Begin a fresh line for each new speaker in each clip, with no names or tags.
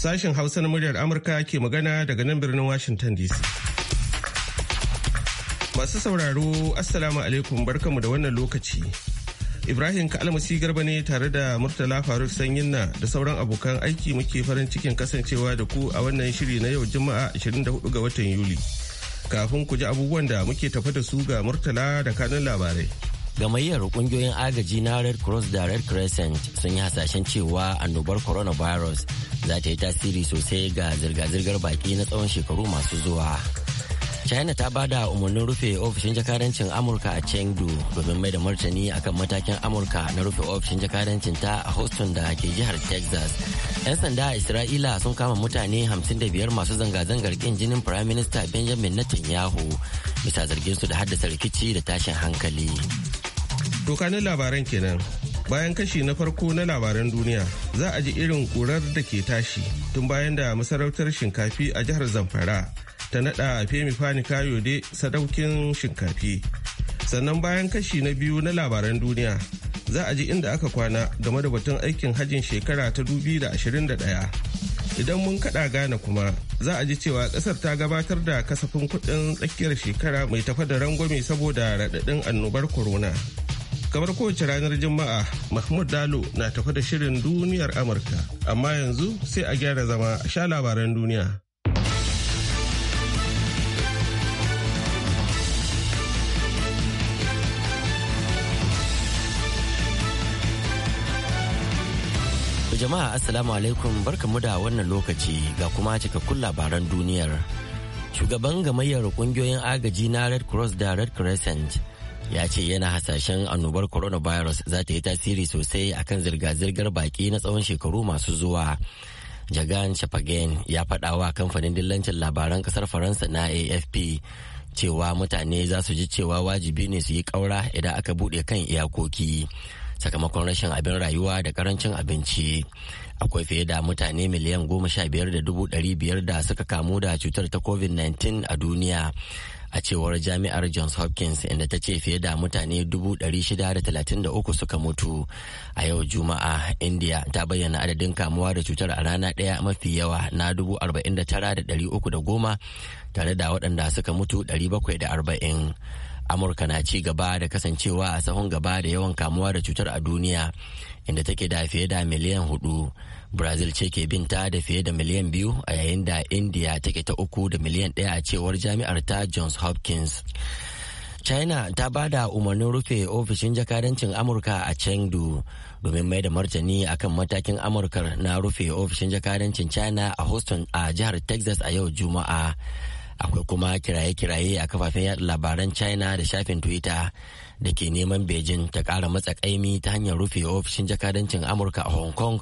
Sashen Hausa na muryar Amurka ke magana daga nan birnin Washington DC. Masu sauraro, Assalamu alaikum barkamu da wannan lokaci. Ibrahim Kalmasi Garba ne tare da Murtala Faruk na da sauran abokan aiki muke farin cikin kasancewa da ku a wannan shiri na yau Juma'a 24 ga watan Yuli. Kafin ku ji abubuwan da muke tafa da su ga Murtala da kanun labarai.
gamayyar kungiyoyin agaji na red cross da red crescent sun yi hasashen cewa annobar coronavirus za ta yi tasiri sosai ga zirga-zirgar baki na tsawon shekaru masu zuwa china ta bada umarnin rufe ofishin jakadancin amurka a chengdu domin mai da martani akan matakin amurka na rufe ofishin jakadancin ta a houston da ke jihar texas 'yan sanda a isra'ila sun kama mutane 55 masu zanga-zangar kin jinin prime minister benjamin netanyahu bisa zargin su da haddasa rikici da tashin hankali
Dokanin labaran kenan. Bayan kashi na farko na labaran duniya za a ji irin ƙurar da ke tashi tun bayan da masarautar shinkafi a jihar Zamfara ta naɗa Femi Fani Kayode sadaukin shinkafi. Sannan bayan kashi na biyu na labaran duniya za a ji inda aka kwana game da batun aikin hajin shekara ta ɗaya. idan mun kada gane kuma za a ji cewa kasar ta gabatar da kasafin kuɗin tsakiyar shekara mai tafa da rangwame saboda raɗaɗin annobar corona kamar kowace ranar juma'a mahmud dalo na tafi da shirin duniyar amurka amma yanzu sai a gyara zama a sha labaran duniya
jama'a assalamu alaikum barkamu da wannan lokaci ga kuma cikakkun labaran duniyar shugaban gamayyar kungiyoyin agaji na red cross da red crescent ya ce yana hasashen annobar coronavirus za ta yi tasiri sosai akan zirga-zirgar baki na tsawon shekaru masu zuwa. Jagan Chapagen ya faɗa wa kamfanin dillancin labaran ƙasar Faransa na AFP cewa mutane za su ji cewa wajibi ne su yi ƙaura idan aka buɗe kan iyakoki. Sakamakon rashin abin rayuwa da karancin abinci. Akwai fiye da mutane miliyan goma sha biyar da dubu ɗari biyar da suka kamu da cutar ta COVID-19 a duniya. a cewar jami'ar johns hopkins inda ta ce fiye da mutane 633 suka mutu a yau juma'a india ta bayyana adadin kamuwa da cutar a rana daya mafi yawa na 49,310 tare da waɗanda suka mutu 740 amurka na ci gaba da kasancewa a sahun gaba da yawan kamuwa da cutar a duniya inda take da fiye da miliyan hudu brazil ce ke binta da fiye da miliyan biyu a yayin da india take ta uku da miliyan daya a cewar jami'ar ta johns hopkins china ta ba da umarnin rufe ofishin jakadancin amurka a chengdu domin mai da martani akan matakin amurka na rufe ofishin jakadancin china a houston a jihar texas a yau juma'a akwai kuma kiraye-kiraye a kafafen yada labaran china da shafin twitter da ke neman beijing ta kara matsa ƙaimi ta hanyar rufe ofishin jakadancin amurka a hong kong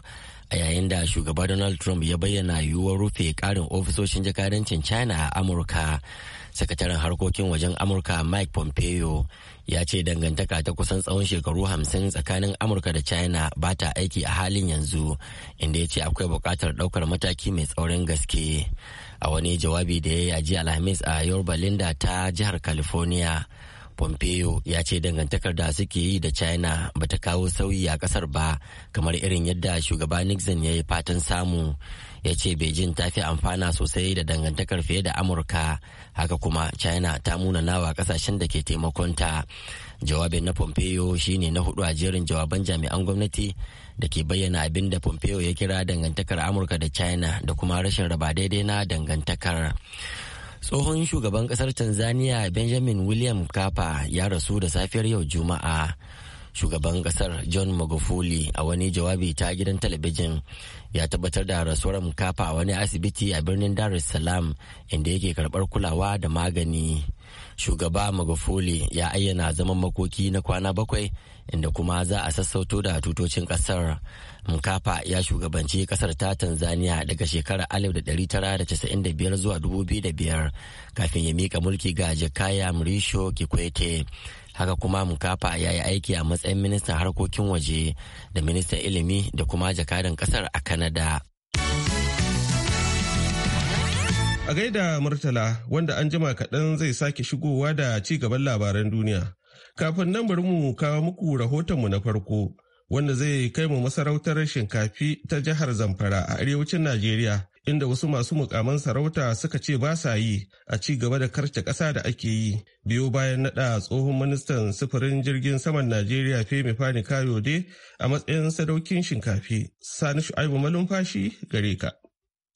a yayin da shugaba donald trump ya bayyana yiwuwar rufe karin ofisoshin jakadancin china a amurka sakataren harkokin wajen amurka mike pompeo ya ce dangantaka ta kusan tsawon shekaru hamsin tsakanin amurka da china ba ta aiki a halin yanzu inda ya ce akwai buƙatar ɗaukar mataki mai tsaurin gaske a wani jawabi da ya yi a jiya alhamis a yorba linda ta jihar california pompeo ya ce dangantakar da suke yi da china ba ta kawo sauyi a kasar ba kamar irin yadda shugaba nixon ya yi fatan samu ya ce beijing ta fi amfana sosai da dangantakar fiye da amurka haka kuma china ta munanawa kasashen da ke taimakonta jawabin na pompeo shine na hudu a jerin jawaban jami'an gwamnati da ke bayyana abin da pompeo ya kira dangantakar amurka da china da kuma rashin raba daidai na dangantakar tsohon shugaban kasar tanzania benjamin william kapa ya rasu da safiyar yau juma'a shugaban kasar john magufuli a wani jawabi ta gidan talabijin ya tabbatar da rasuwar mkafa a wani asibiti a birnin dar es salaam inda yake karbar kulawa da magani shugaba magufuli ya ayyana zaman makoki na kwana bakwai inda kuma za a sassauto da tutocin kasar mkafa ya shugabanci kasar ta tanzania daga shekarar 1995 zuwa 2005 kafin ya mika mulki ga jakaya mrisho kikwete haka kuma mkafa ya yi aiki a matsayin ministan harkokin waje da ministan ilimi da kuma jakadan kasar a kanada
A gaida Murtala wanda an jima kaɗan zai sake shigowa da ci gaban labaran duniya. Kafin nan bari mu kawo muku rahotonmu na farko wanda zai kai mu masarautar shinkafi ta jihar Zamfara a arewacin Najeriya inda wasu masu mukaman sarauta suka ce ba sa yi a ci gaba da karce ƙasa da ake yi biyo bayan naɗa tsohon ministan sufurin jirgin saman najeriya femi fani kayode a matsayin sadaukin shinkafi sani shu'aibu malumfashi gare ka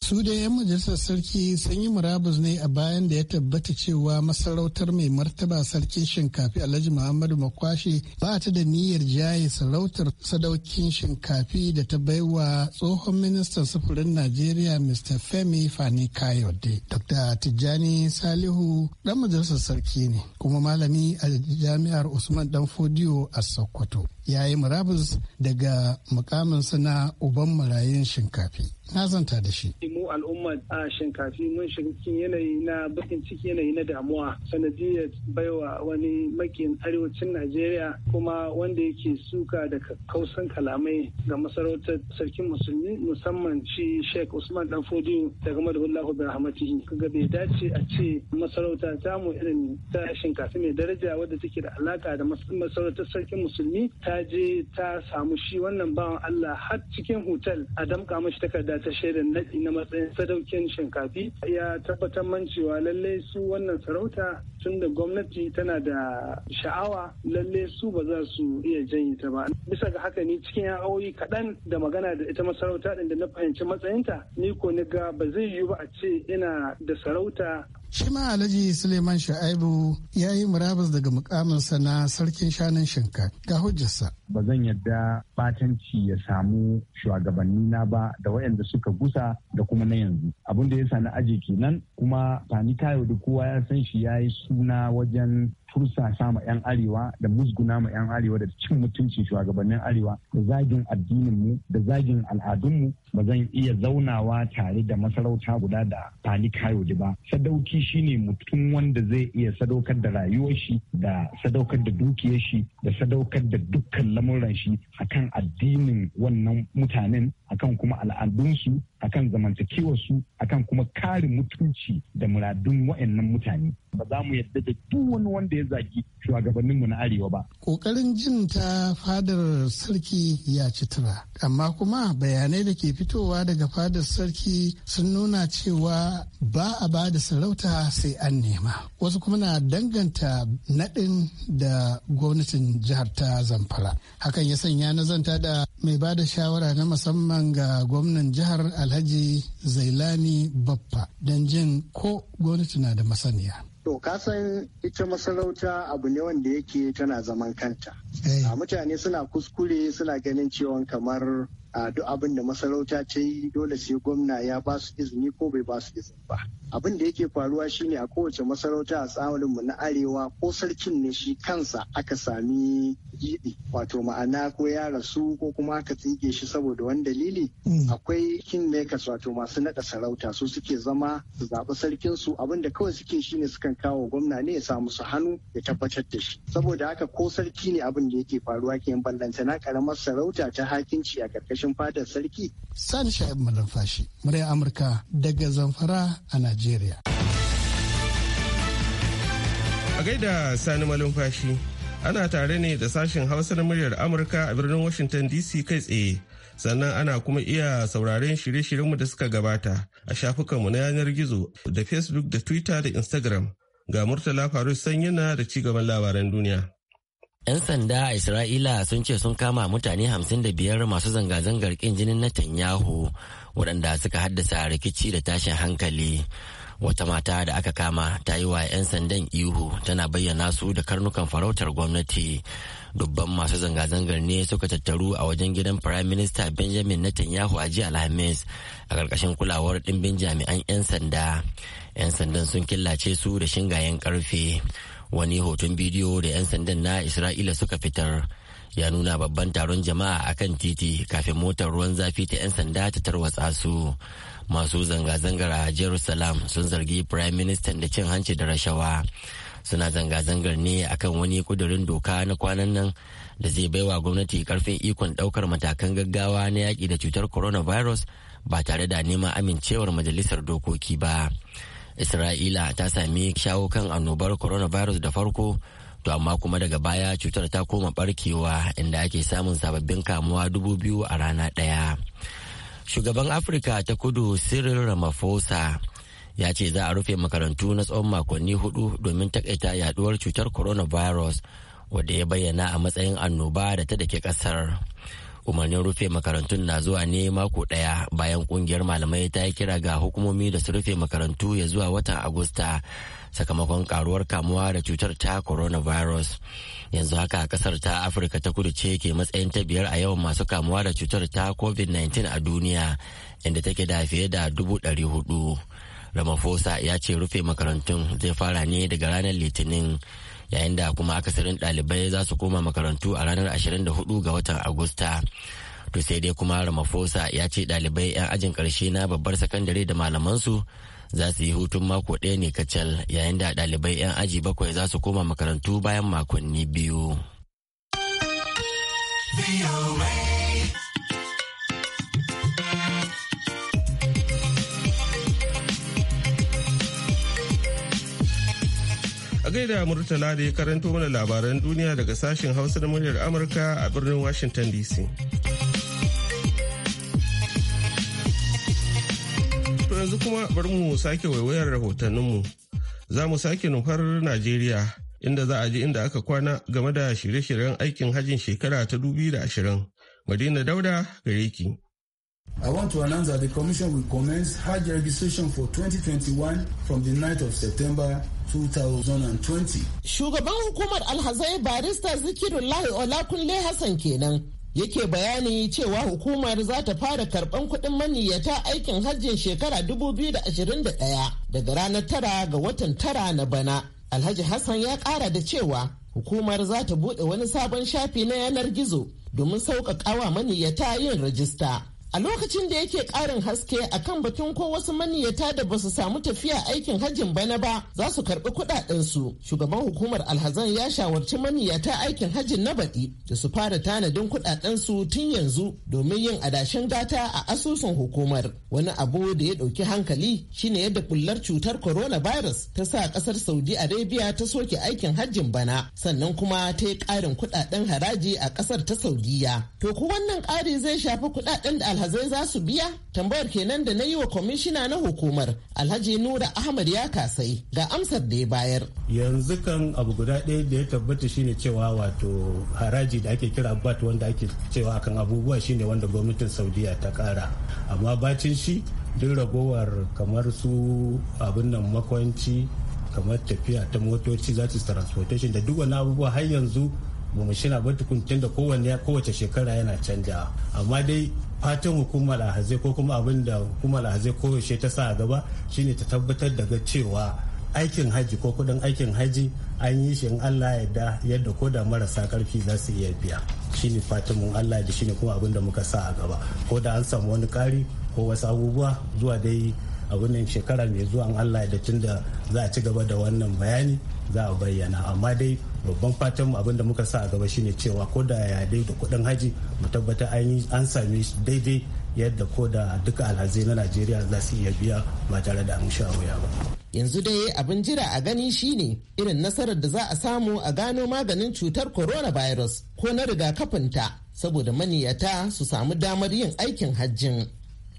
Su da 'yan majalisar sarki sun yi murabus ne a bayan da ya tabbata cewa masarautar mai martaba sarkin shinkafi Alhaji Muhammadu Makwashi ba ta da niyyar jaye sarautar sadaukin shinkafi da ta baiwa tsohon ministan sufurin Najeriya Mr. Femi Fani Kayode. Dr. Tijjani Salihu dan majalisar sarki ne kuma malami a jami'ar Usman fodiyo a Sokoto. Ya yi murabus daga mukamin su na uban marayun shinkafi. na zanta da shi. Mu al'umma a shinkafi mun shiga cikin yanayi na bakin ciki yanayi na damuwa sanadiyar baiwa wani makin arewacin Najeriya kuma wanda yake suka da kausan kalamai ga masarautar sarkin musulmi musamman shi Sheikh Usman Dan Fodiyo daga kuma da Allahu rahmatihi kaga bai dace a ce masarauta ta mu irin ta shinkafi mai daraja wadda take da alaka da masarautar sarkin musulmi ta je ta samu shi wannan bawan Allah har cikin hotel a damka mashi takarda ta shaidan nadi na matsayin sadaukin shinkafi ya tabbatar man cewa lallai su wannan sarauta tun da gwamnati tana da sha'awa lalle su ba za su iya janye ta ba bisa ga haka ni cikin awoyi kaɗan da magana da ita masarauta ɗin da na fahimci matsayinta ni ko ni ga ba zai yiwu ba a ce ina da sarauta Shi ma Alhaji Suleiman Sha'aibu ya yi murabus daga mukaminsa na sarkin shanun shinka ga hujjarsa.
Ba zan yadda batanci ya samu shugabanni na ba da waɗanda suka gusa da kuma na yanzu. Abin da ya sa na aji kenan kuma Sani Tayo da kowa ya san shi ya yi suna wajen tursasa ma 'yan arewa da musguna ma 'yan arewa da cin mutunci shugabannin arewa da zagin addinin mu da zagin al'adun mu. ba zan iya zaunawa
tare da masarauta guda da fani kayode ba sadauki shine mutum wanda zai iya sadaukar da rayuwar shi da sadaukar da dukiyar shi da sadaukar da dukkan
lamuran shi akan addinin wannan mutanen akan kuma al'adunsu akan zamantakewarsu akan kuma kare mutunci da muradun wa'annan mutane ba za mu yadda da duk wani wanda ya zagi shugabanninmu na arewa ba. Ƙoƙarin jin ta
fadar sarki ya ci tura, amma kuma bayanai da ke fitowa daga fadar sarki sun nuna cewa ba a ba da sarauta sai an nema. Wasu kuma na danganta naɗin da gwamnatin jihar ta Zamfara. Hakan ya sanya na zanta da mai ba da shawara na musamman ga gwamnan jihar Alhaji Zailani Baffa don jin ko gwamnati na da masaniya. To kasan ita masarauta abu ne wanda yake tana zaman kanta. Eh. Mutane suna kuskure suna ganin cewa kamar a duk abin da masarauta ta yi dole sai
gwamna ya ba su izini ko bai ba su izini ba abin da yake faruwa shine a kowace masarauta a tsarinmu na arewa ko sarkin ne shi kansa aka sami giɗi wato ma'ana ko ya rasu ko kuma aka tsige shi saboda wani dalili mm. akwai kin makers wato masu naɗa sarauta su suke zama su zaɓi sarkin su abin da kawai suke shine sukan kawo gwamna ne ya sa musu hannu ya tabbatar da shi saboda haka ko sarki ne abin da yake faruwa ke ballantana karamar sarauta ta hakinci a ƙarƙashin. ƙarƙashin fadar sarki.
Sani Sha'ib Malamfashi, murya Amurka daga Zamfara a Najeriya.
A gaida Sani Malamfashi, ana tare ne da sashen hausar muryar Amurka a birnin Washington DC kai tsaye. Sannan ana kuma iya sauraren shirye-shiryenmu da suka gabata a shafukanmu na yanar gizo da Facebook da Twitter da Instagram. Ga
Murtala Faru Sanyina da
cigaban labaran
duniya. 'Yan sanda a Isra'ila sun ce sun kama mutane 55 masu zanga-zangar ƙin jinin na Netanyahu waɗanda suka haddasa rikici da tashin hankali. Wata mata da aka kama ta yi wa 'yan sandan ihu tana bayyana su da karnukan farautar gwamnati. Dubban masu zanga-zangar ne suka tattaru a wajen gidan Firayim Minista Benjamin Netanyahu a jiya Alhamis a ƙarƙashin kulawar ɗimbin jami'an 'yan sanda. 'Yan sandan sun killace su da shingayen ƙarfe. wani hoton bidiyo da 'yan sandan na isra'ila suka fitar ya nuna babban taron jama'a a kan titi kafin motar ruwan zafi ta 'yan sanda ta tarwatsa su masu zanga-zangar a jerusalem sun zargi prime minister da cin hanci da rashawa suna zanga-zangar ne akan wani kudurin doka na kwanan nan da zai baiwa gwamnati karfin ikon daukar matakan gaggawa na yaki da cutar coronavirus ba tare da neman amincewar majalisar dokoki ba. isra'ila ta sami shawo kan annobar coronavirus da farko to amma kuma daga baya cutar ta koma barkewa inda ake samun sababbin kamuwa dubu biyu a rana ɗaya shugaban afirka ta kudu cyril ramaphosa ya ce za a rufe makarantu na tsawon makonni hudu domin takaita yaduwar cutar coronavirus wadda ya bayyana a matsayin annoba da ta dake kasar umarnin rufe makarantun na zuwa ne mako daya bayan kungiyar malamai ta yi kira ga hukumomi da su rufe makarantu ya zuwa watan agusta sakamakon karuwar kamuwa da cutar ta coronavirus yanzu haka kasar ta afirka ta kudu ce ke matsayin ta biyar a yawan masu kamuwa da cutar ta covid-19 a duniya inda take da fiye da dubu ɗari hudu ramaphosa ya ce rufe makarantun zai fara ne daga ranar litinin yayin da kuma akasarin ɗalibai za su koma makarantu a ranar 24 ga watan agusta to sai dai kuma ramaphosa ya ce ɗalibai 'yan ajin ƙarshe na babbar sakandare da malamansu za su yi hutun mako ɗaya ne kacal yayin da ɗalibai 'yan aji bakwai za su koma makarantu bayan makonni biyu.
gaida Murtala da ya karanto mana labaran duniya daga sashen Hausa da muryar Amurka a birnin Washington DC. To yanzu kuma bari mu sake waiwayar rahotanninmu. Za mu sake nufar Najeriya inda za a ji inda aka kwana game da shirye-shiryen aikin hajjin shekara ta da ashirin Madina Dauda gare ki.
I want to announce that the Commission will commence Hajj registration for 2021 from the 9th of September 2020.
Shugaban hukumar alhazai barista zikirullahi Olakunle Hassan kenan yake bayani cewa hukumar za ta fara karban kuɗin maniyyata aikin hajjin shekara 2021 daga ranar tara ga watan tara na bana. Alhaji Hassan ya ƙara da cewa hukumar za ta buɗe wani sabon shafi na yanar gizo domin sauƙaƙawa maniyyata yin rajista. a lokacin da yake ƙarin haske a kan batun ko wasu maniyata da ba su samu tafiya aikin hajjin bana ba za su karɓi kuɗaɗensu shugaban hukumar alhazan ya shawarci maniyata aikin hajjin na baɗi da su fara tanadin kuɗaɗensu tun yanzu domin yin adashin gata a asusun hukumar wani abu da ya ɗauki hankali shine yadda bullar cutar coronavirus ta sa ƙasar saudi arabia ta soke aikin hajjin bana sannan kuma ta yi ƙarin kuɗaɗen haraji a ƙasar ta saudiya to ko wannan ƙari zai shafi kuɗaɗen da alhazai za su biya tambayar kenan da na yi wa kwamishina na hukumar alhaji nura ahmad ya kasai ga amsar da ya bayar
yanzu kan abu guda ɗaya da ya tabbata shine cewa wato haraji da ake kira bat wanda ake cewa akan abubuwa shine wanda gwamnatin saudiya ta kara amma bacin shi duk ragowar kamar su abin nan makwanci kamar tafiya ta motoci za su transportation da duk wani abubuwa har yanzu ba mu shina ba tukun da kowanne kowace shekara yana canja amma dai fatan hukumar alhazai ko kuma abin da hukumar alhazai koyaushe ta sa a gaba shine ta tabbatar daga cewa aikin haji ko kudin aikin haji an yi shi in Allah ya yadda yadda ko da marasa karfi za su iya biya shine fatan mun Allah da shine kuma abin da muka sa a gaba ko da an samu wani kari ko wasu abubuwa zuwa dai abu ne shekara mai zuwa allah da tun da za a ci gaba da wannan bayani za a bayyana amma dai babban fatan mu da muka sa a gaba shine cewa ko da ya dai da kudin haji mu tabbata an yi same shi daidai yadda ko da duka alhazi na najeriya za su iya biya ba tare da amsha sha wuya ba
yanzu dai abin jira a gani shine irin nasarar da za a samu a gano maganin cutar coronavirus ko na ta saboda maniyata su samu damar yin aikin hajjin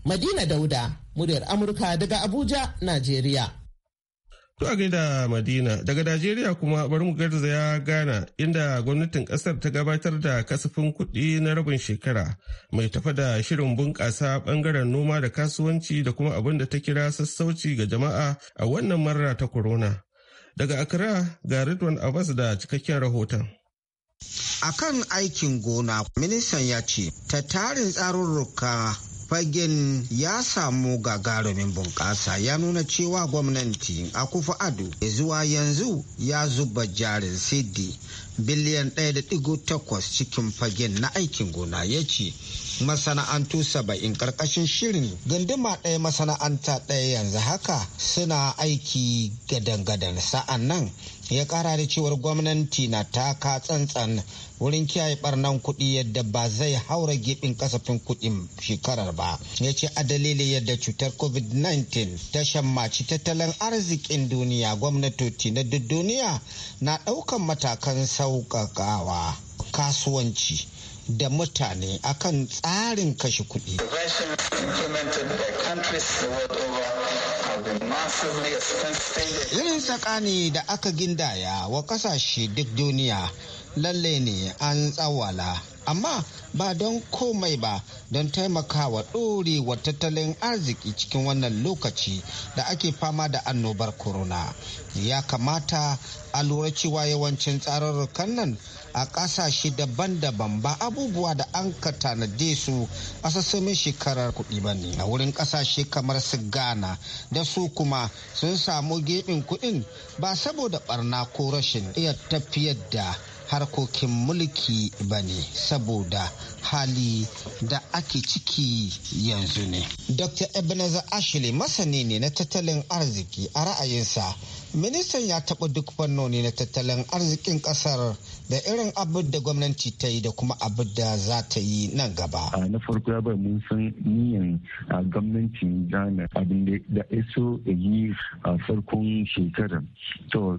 madina dauda muryar Amurka daga Abuja, Najeriya.
To a gaida Madina daga Najeriya kuma bari mu garzaya Ghana inda gwamnatin kasar ta gabatar da kasafin kuɗi na rabin shekara mai tafa da shirin bunƙasa ɓangaren noma da kasuwanci da kuma abin da ta kira sassauci ga jama'a a wannan marra ta corona. Daga Accra ga Ridwan Abbas da cikakken rahoton. A kan aikin gona,
ministan ya ce, ta tarin tsarurruka fagen ya samu gagarumin bunƙasa ya nuna cewa gwamnati akufa ado zuwa yanzu ya zuba jarin sidi biliyan 1.8 cikin fagen na aikin gona ya ce masana'antu saba'in karkashin shirin ganduma ɗaya masana'anta ɗaya yanzu haka suna aiki gadan-gadan sa'an nan ya ƙara da cewar gwamnati na taka tsantsan wurin kiyaye barnan kuɗi yadda ba zai haura gibin kasafin kuɗin shekarar ba ya ce a dalilin yadda cutar covid-19 ta shammaci tattalin arzikin duniya gwamnatoci na duk duniya na ɗaukan matakan sauƙaƙawa kasuwanci da mutane akan tsarin kashe kuɗi. Irin tsakani da aka gindaya wa ƙasashe duk duniya lalle ne an tsawala amma ba don komai ba don taimakawa wa tattalin arziki cikin wannan lokaci da ake fama da annobar corona ya kamata a lura cewa yawancin tsararrukan nan a kasashe daban-daban ba abubuwa da an ka tanade su a sassamin shekarar kuɗi ba ne a wurin kasashe kamar su ghana da su kuma sun samu geɓin kuɗin ba saboda barna ko rashin iya tafiyar da harkokin mulki ba ne saboda hali da ake ciki yanzu ne. Dr. Ebenezer Ashley masani ne na tattalin arziki a ra'ayinsa. Ministan ya taba duk fannoni na tattalin arzikin ƙasar da irin abin da gwamnati ta yi da kuma abin da
za ta yi nan gaba. Na farko ya bai mun san niyan gwamnatin gane abin da ya iso ya yi a farkon shekarar. To,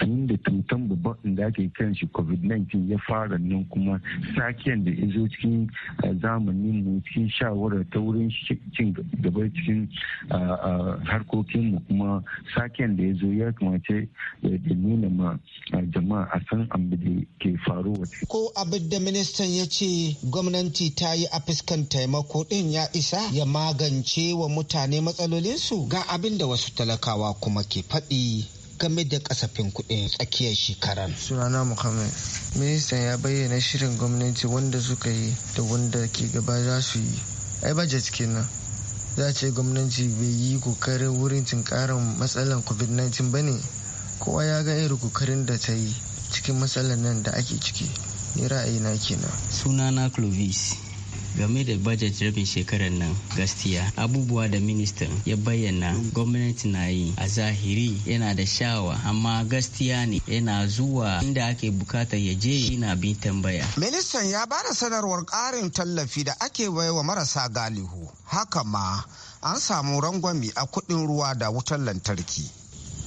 tun da tutan babban da ake kan shi COVID-19 ya fara nan kuma sakiyan da iso cikin eh, zamanin mu cikin shawara ta wurin cin gaba cikin ah, ah, harkokin mu kuma saken da ya zo ya kamata eh, da nuna ma ah, jama'a a san abu da ke faruwa.
Ko abin da ministan ya ce gwamnati ta yi a fuskan taimako din ya isa ya magance wa mutane matsalolinsu ga abin da wasu talakawa kuma ke faɗi game da kasafin kuɗin tsakiyar shekarar. Sunana Muhammad. Ministan ya bayyana shirin gwamnati wanda suka yi da wanda ke gaba za su yi. Ai budget kenan. Za ce gwamnati bai yi kokarin wurin tunkarin matsalar COVID-19 ba ne. Kowa ya ga irin kokarin da ta yi cikin matsalar nan da ake ciki.
Ni ra'ayina kenan. Sunana Clovis. game da bajet rabin shekarar nan gaskiya abubuwa da ministan ya bayyana gwamnati na yi a zahiri yana da shawa amma gaskiya ne yana zuwa inda ake bukata ya je na bi tambaya
ministan ya ba da sanarwar karin tallafi da ake baiwa marasa galihu haka ma an samu rangwami a kuɗin ruwa da wutar lantarki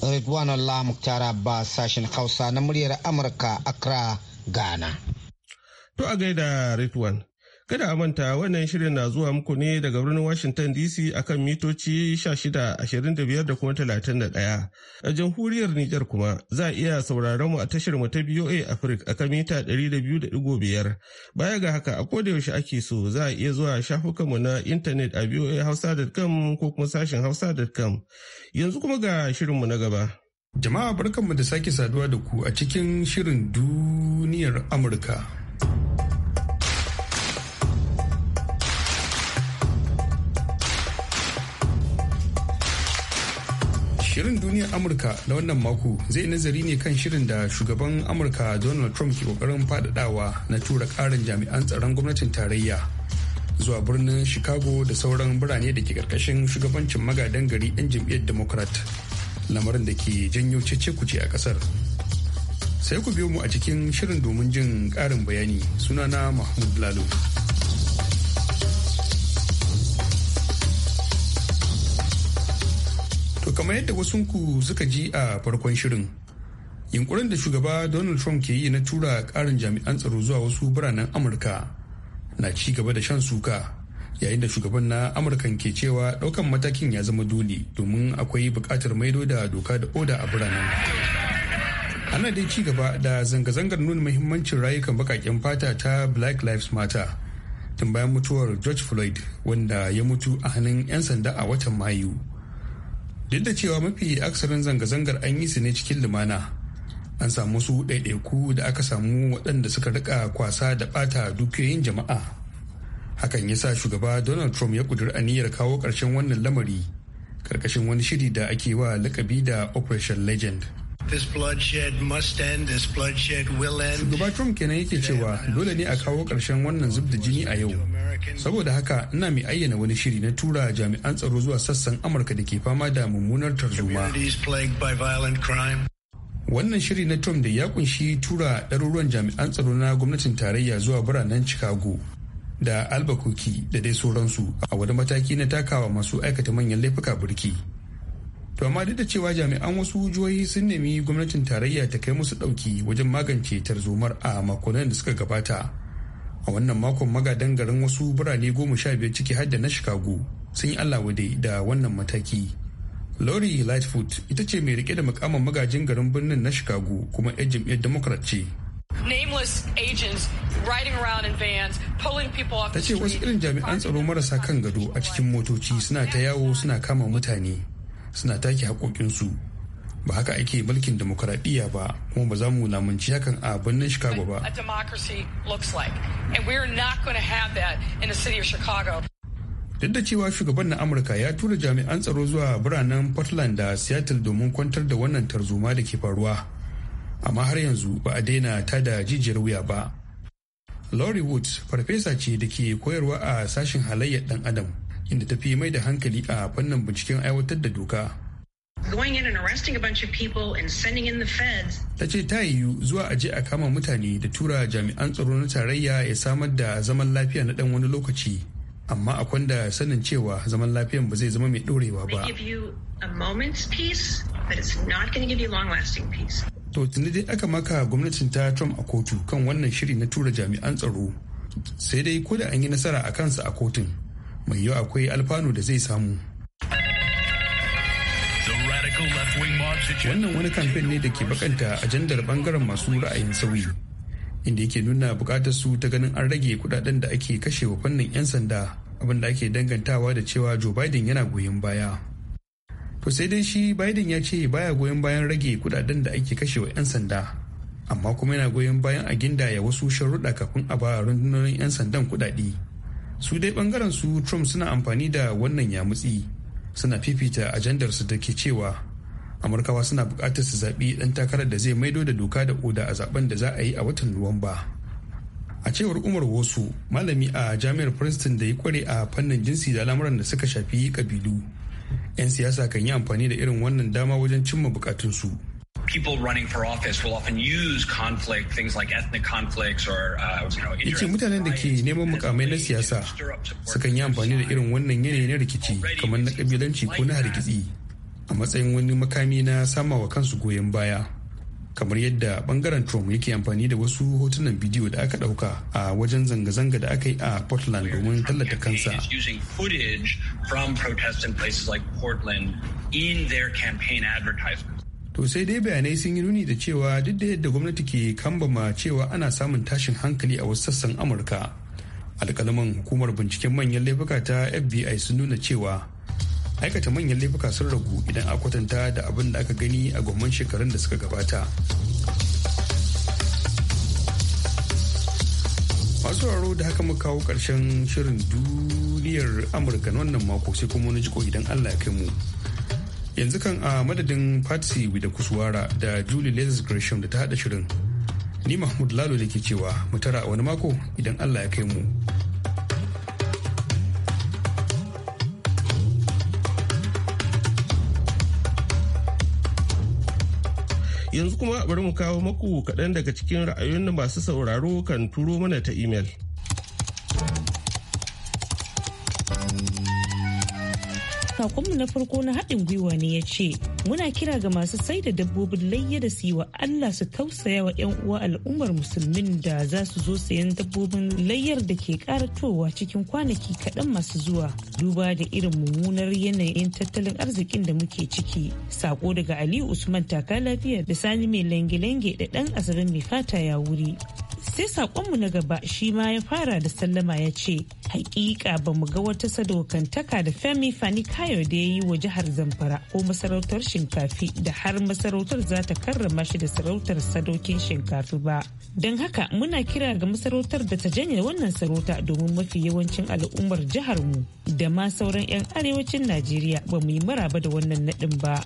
Ridwan Allah Muktar Abbas sashen Hausa na muryar Amurka Accra
Ghana. To a gaida Ridwan, Kada a manta wannan shirin na zuwa muku ne daga birnin Washington DC akan mitoci 1625 da kuma 31. A jamhuriyar Nijar kuma za a iya sauraron mu a tashar mu ta BOA Africa akan mita 200.5. Baya ga haka a koda yaushe ake so za a iya zuwa shafukan mu na intanet a boahausa.com ko kuma sashin
hausa.com. Yanzu kuma ga shirin mu na gaba. Jama'a barkanmu da sake saduwa da ku a cikin shirin duniyar Amurka. Shirin duniyar Amurka na wannan mako zai nazari ne kan shirin da shugaban Amurka Donald Trump ke kokarin faɗaɗawa na tura ƙarin jami'an tsaron gwamnatin tarayya zuwa birnin Chicago da sauran birane da ke ƙarƙashin shugabancin magadan gari 'yan jam'iyyar Democrat. Lamarin da ke janyo cece-kuce a kasar Sai ku biyo mu a cikin shirin domin jin ƙarin bayani sunana Mahmud Lalo. kamar yadda wasunku suka ji a farkon shirin yunkurin da shugaba donald trump ke yi na tura karin jami'an tsaro zuwa wasu biranen amurka na ci gaba da shan suka yayin da shugaban na amurkan ke cewa daukan matakin ya zama dole domin akwai bukatar maido da doka da oda a biranen ana dai ci gaba da zanga-zangar nuna muhimmancin rayukan bakaken fata ta black lives matter tun bayan mutuwar george floyd wanda ya mutu a hannun 'yan sanda a watan mayu duk da cewa mafi aksarin zanga-zangar an yi su ne cikin lumana an samu su ɗaiɗaiku da aka samu waɗanda suka rika kwasa da ɓata dukiyoyin jama'a hakan ya sa shugaba donald trump ya ƙudiri aniyar kawo ƙarshen wannan lamari ƙarƙashin wani shiri da ake wa lakabi da operation legend Shugaba Trump kenan yake cewa dole ne a kawo ƙarshen wannan zub da jini a yau. Saboda haka ina mai ayyana wani shiri na tura jami'an tsaro zuwa sassan Amurka da ke fama da mummunar tarzoma. Wannan shiri na Trump da ya kunshi tura ɗaruruwan jami'an tsaro na gwamnatin tarayya zuwa biranen Chicago da Albuquerque da dai sauransu a wani mataki na takawa masu aikata manyan laifuka birki. to amma duk da cewa jami'an wasu jihohi sun nemi gwamnatin tarayya ta kai musu ɗauki wajen magance tarzomar a makonnin da suka gabata a wannan makon magadan garin wasu birane goma sha biyar ciki hadda na chicago sun yi allah wade da wannan mataki lori lightfoot ita ce mai rike da mukamin magajin garin birnin na chicago kuma 'yan jam'iyyar democrat ce Ta ce wasu irin jami'an tsaro marasa kan gado a cikin motoci suna ta yawo suna kama mutane. suna take haƙoƙinsu ba haka ake mulkin demokuraɗiyya ba kuma ba za mu lamunci hakan a birnin chicago ba duk da cewa shugaban na amurka ya tura jami'an tsaro zuwa biranen portland da seattle domin kwantar da wannan tarzoma da ke faruwa amma har yanzu ba a daina ta da jijiyar wuya ba laurie woods farfesa ce da ke koyarwa a sashen halayyar dan adam inda ta fi mai da hankali a fannin binciken aiwatar da doka. Ta ce ta yiwu zuwa aje a kama mutane da tura jami'an tsaro na tarayya ya samar da zaman lafiya na dan wani lokaci. Amma a kwanda sanin cewa zaman lafiyan ba zai zama mai ɗorewa ba. To tuni dai aka maka gwamnatin ta Trump a kotu kan wannan shiri na tura jami'an tsaro. Sai dai ko da an yi nasara a kansa a kotun. mai yiwu akwai alfanu da zai samu wannan wani kamfen ne da ke bakanta ajandar bangaren masu ra'ayin sauyi inda yake nuna bukatar su ta ganin an rage kudaden da ake kashewa fannin 'yan sanda abinda ake dangantawa da cewa joe biden yana goyon baya to sai dai shi biden ya ce baya goyon bayan rage kudaden da ake kashewa 'yan sanda amma kuma yana goyon bayan a ginda ya wasu sharuɗa kafin a ba rundunonin 'yan sandan kudade su dai bangaren su trump suna amfani da wannan yamutsi suna fifita ajandar su da ke cewa amurkawa suna bukatar su zaɓi ɗan takarar da zai maido da doka da oda a zaben da za a yi a watan nuwamba a cewar umar wasu malami a jami'ar princeton da ya kware a fannin jinsi da lamuran da suka shafi kabilu 'yan siyasa kan yi amfani da irin wannan dama wajen cimma bukatunsu. su
people for ethnic or uh,
mutanen da ke neman mukamai na siyasa sukan yi amfani da irin wannan yanayi na rikici kamar na kabilanci ko na hargitsi a matsayin wani makami na sama wa kansu goyon baya. kamar yadda bangaren Trump yake amfani da wasu hotunan bidiyo da aka dauka a wajen zanga-zanga da aka yi a Portland domin tallata kansa. to sai dai bayanai sun yi nuni da cewa duk da yadda gwamnati ke kambama cewa ana samun tashin hankali a wasu sassan amurka alkalaman hukumar binciken manyan laifuka ta fbi sun nuna cewa aikata manyan laifuka sun ragu idan a kwatanta da abin da aka gani a gwamman shekarun da suka gabata masu raro da haka muka kawo karshen shirin duniyar amurka na wannan mako sai kuma wani jiko idan allah ya kai mu yanzu kan a madadin patsy da kuswara da julie lezis gresham da ta hada shirin ni mahmud lalo da ke cewa mu tara wani mako idan allah ya kai mu
yanzu kuma bari mu kawo maku kaɗan daga cikin ra'ayoyin da masu sauraro kan turo mana ta imel.
sakonmu na farko na haɗin gwiwa ne ya ce muna kira ga masu sai da dabbobin layya da su yi wa Allah su tausaya wa 'yan uwa al'ummar musulmin da za su zo sayan dabbobin layyar da ke karatowa cikin kwanaki kaɗan masu zuwa duba da irin mummunar yanayin tattalin arzikin da muke ciki sako daga aliyu Usman taka lafiya da Sani mai lange-lange da ɗan asirin mai fata ya wuri sai saƙonmu na gaba shi ma ya fara da sallama ya ce hakika ba mu ga wata sadokantaka da femi fani kayo da ya yi wa jihar zamfara ko masarautar shinkafi da har masarautar za ta karrama shi da sarautar sadokin shinkafi ba don haka muna kira ga masarautar da ta janye wannan sarauta domin mafi yawancin al'ummar jihar mu da ma sauran 'yan arewacin najeriya ba mu yi maraba da wannan naɗin ba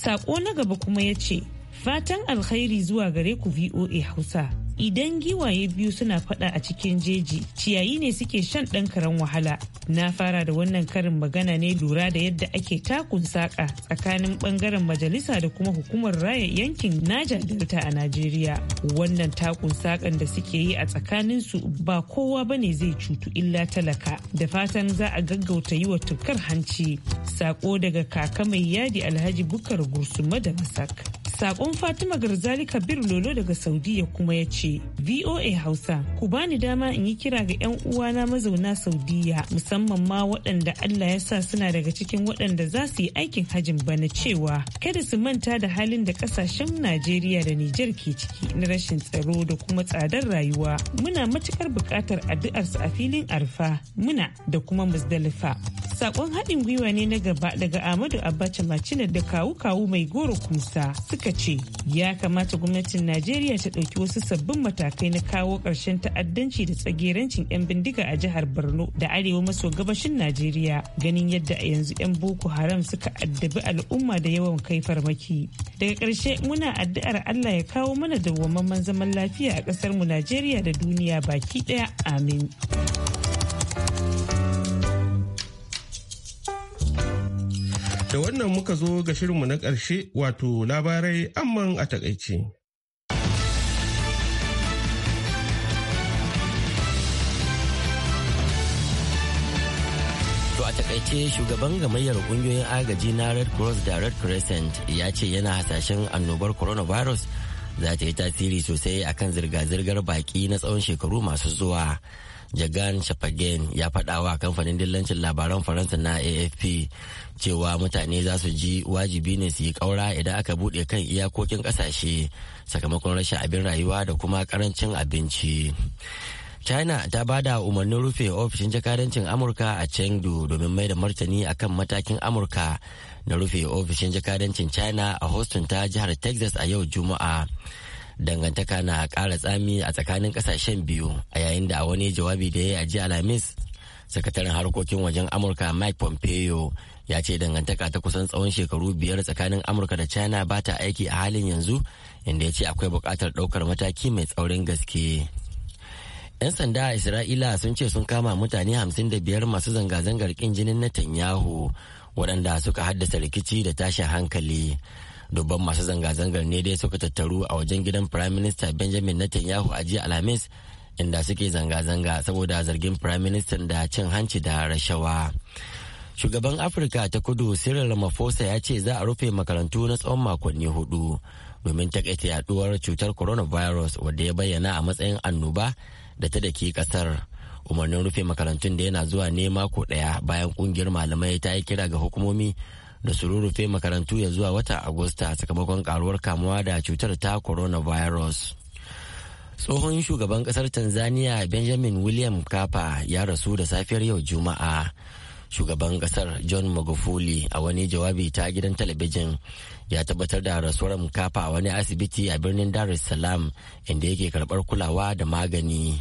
Saƙo na gaba kuma ya ce fatan alkhairi zuwa gare ku voa hausa idan giwaye biyu suna fada a cikin jeji ciyayi ne suke shan ɗan karen wahala na fara da wannan karin magana ne lura da yadda ake takun saka tsakanin bangaren majalisa da kuma hukumar raya yankin naja delta a najeriya wannan takun sakan da suke yi a tsakanin su ba kowa bane zai cutu illa talaka da fatan za a gaggauta yi wa tukar hanci sako daga kaka mai yadi alhaji bukar gursu da masak Sakon Fatima Garzali Kabir Lolo daga Saudiya kuma ya ce, VOA Hausa, ku bani dama in yi kira ga 'yan uwana mazauna Saudiya musamman ma waɗanda Allah ya sa suna daga cikin waɗanda za su yi aikin hajin bana cewa kada su manta da halin da ƙasashen Najeriya da Nijar ke ciki na rashin tsaro da kuma tsadar rayuwa. Muna matuƙar buƙatar addu'ar su a filin arfa, muna da kuma musdalifa. Sakon haɗin gwiwa ne na gaba daga Ahmadu Abacha Macina da kawu-kawu mai goro kusa. suka suka ce ya kamata gwamnatin najeriya ta ɗauki wasu sabbin matakai na kawo ƙarshen ta'addanci da tsagerancin 'yan bindiga a jihar borno da arewa maso gabashin najeriya ganin yadda a yanzu 'yan boko haram suka addabi al'umma da yawan kai farmaki daga ƙarshe muna addu'ar allah ya kawo mana dawwammamen zaman lafiya a ƙasar mu najeriya da duniya baki ɗaya amin
Da wannan muka zo ga shirinmu na ƙarshe wato labarai amman a takaice.
To a takaice shugaban gamayyar kungiyoyin agaji na Red Cross da Red Crescent ya ce yana hasashen annobar coronavirus za ta yi tasiri sosai akan zirga-zirgar baki na tsawon shekaru masu zuwa. jagan shafagen ya faɗa wa kamfanin dillancin labaran faransa na afp cewa mutane za su ji wajibi ne su yi ƙaura idan aka buɗe kan iyakokin ƙasashe sakamakon rashin abin rayuwa da kuma ƙarancin abinci china ta ba da umarnin rufe ofishin jakadancin amurka a chengdu domin mai da martani akan matakin amurka na rufe ofishin jakadancin china a houston ta jihar texas a yau juma'a dangantaka na kara tsami a tsakanin kasashen biyu a yayin da a wani jawabi da ya yi a jiya alhamis sakataren harkokin wajen amurka mike pompeo ya ce dangantaka ta kusan tsawon shekaru biyar tsakanin amurka da china ba ta aiki a halin yanzu inda ya ce akwai bukatar ɗaukar mataki mai tsaurin gaske 'yan sanda a isra'ila sun ce sun kama mutane 55 masu zanga-zangar ƙin jinin netanyahu waɗanda suka haddasa rikici da tashin hankali dubban masu zanga-zangar ne dai suka tattaru a wajen gidan prime minister benjamin netanyahu a jiya alhamis inda suke zanga-zanga saboda zargin prime minister da cin hanci da rashawa shugaban afirka ta kudu cyril ramaphosa ya ce za a rufe makarantu na tsawon makonni hudu domin takaita yaduwar cutar coronavirus wadda ya bayyana a matsayin annoba da ta daki kasar umarnin rufe makarantun da yana zuwa ne mako daya bayan kungiyar malamai ta yi kira ga hukumomi da su rurrufe makarantu ya zuwa watan agusta sakamakon karuwar kamuwa da cutar ta coronavirus tsohon shugaban kasar tanzania benjamin william kapa ya rasu da safiyar yau juma'a shugaban kasar john magufuli a wani jawabi ta gidan talabijin ya tabbatar da rasuwar Mkapa a wani asibiti a birnin dar es salaam inda yake karbar kulawa da magani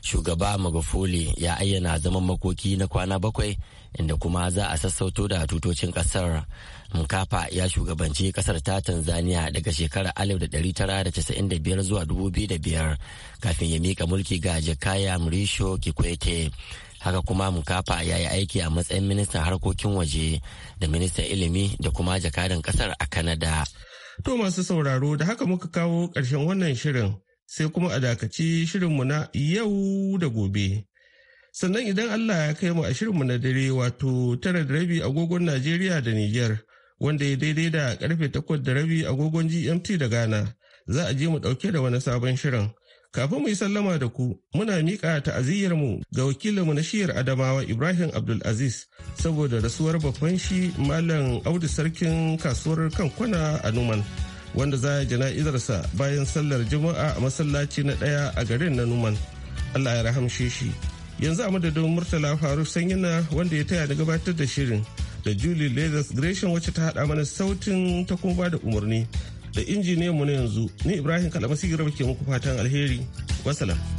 shugaba magufuli ya ayyana zaman makoki na kwana bakwai inda kuma za a sassauto da tutocin kasar mukafa ya shugabanci kasar ta tanzania daga shekarar 1995 zuwa 2005 kafin ya mika mulki ga jakaya mrisho kikwete haka kuma mukafa ya yi aiki a matsayin ministan harkokin waje da ministan ilimi da kuma jakadan kasar a kanada
to masu sauraro da haka muka kawo ƙarshen wannan shirin sai kuma a dakaci shirinmu na yau da gobe sannan idan Allah ya kai mu a shirinmu na dare wato tara da rabi agogon Najeriya da Nijar wanda ya daidai da karfe takwas da rabi agogon GMT da Ghana za a je mu ɗauke da wani sabon shirin. Kafin mu yi sallama da ku muna miƙa ta'aziyyar mu ga wakilinmu na shiyar Adamawa Ibrahim Abdulaziz saboda rasuwar babban shi Malam Audu Sarkin kasuwar Kankuna a Numan. wanda za ya jana'izarsa bayan sallar juma'a a masallaci na ɗaya a garin na numan allah ya rahamshe shi yanzu a madadin murtala faruk sanyina wanda ya taya da gabatar da shirin da julie leathers gresham wacce ta hada mana sautin ta kuma ba da umarni da injiniyan mu na yanzu ni ibrahim kalabasi garba ke muku fatan alheri wasalam